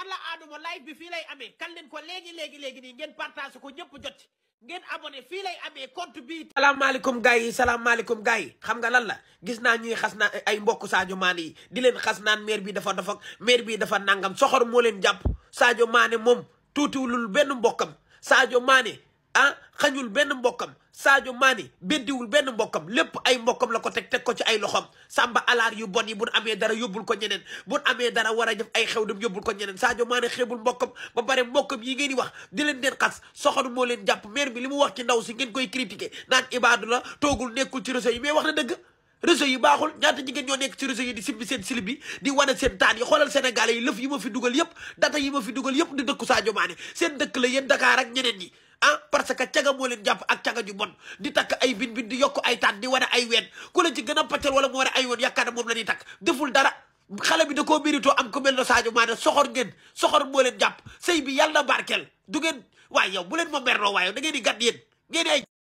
alla aaduma live bi fii lay amee kan leen ko léegi léegi léegi nii ngeen partage ko ñëpp jot ngeen abonné fii lay amee compte bi salaamaaleykum gars yi salaamaaleykum gars yi xam nga lan la gis naa ñuy xas naa ay mbokk Sadio Mané yi di leen xas naan maire bi dafa dafa maire bi dafa nangam soxor moo leen jàpp Sadio Mané moom tuutiwulul benn mbokkam Sadio Mané ah xañul benn mbokkam Sadio Mané beddiwul benn mbokkam lépp ay mbokkam la ko teg teg ko ci ay loxom sàmba alaar yu bon yi buñ amee dara yóbbul ko ñeneen buñ amee dara war a def ay xew dem yóbbul ko ñeneen Sadio Mané xeebul mbokkam ba pare mbokkam yi ngeen di wax di leen den xas soxanu moo leen jàpp maire bi li mu wax ci ndaw si ngeen koy critiquer naan ibaadu la toogul nekkul ci réseau yi mais wax na dëgg réseau yi baaxul ñaata jigéen ñoo nekk ci réseau yi di simbi seen silib xoolal sénégalais yi lëf yi ma dugal yëpp data yi ma fi dugal yëpp di dëkku Sadio seen dëkk la yéen Dakar ak ñeneen ñi ah parce que caga moo leen jàpp ak caga ju bon di takk ay bin bin di yokk ay taat di wane ay ween ku la ci gën a paccal wala mu wane ay ween yaakaar na moom la ñuy takk deful dara xale bi da koo mérito am ku mel na Sadio Mané soxor ngeen soxor moo leen jàpp sëy bi yàlla na barkeel du ngeen waay yow bu leen ma merloo waaye da ngeen di gàtt yéen ngeen di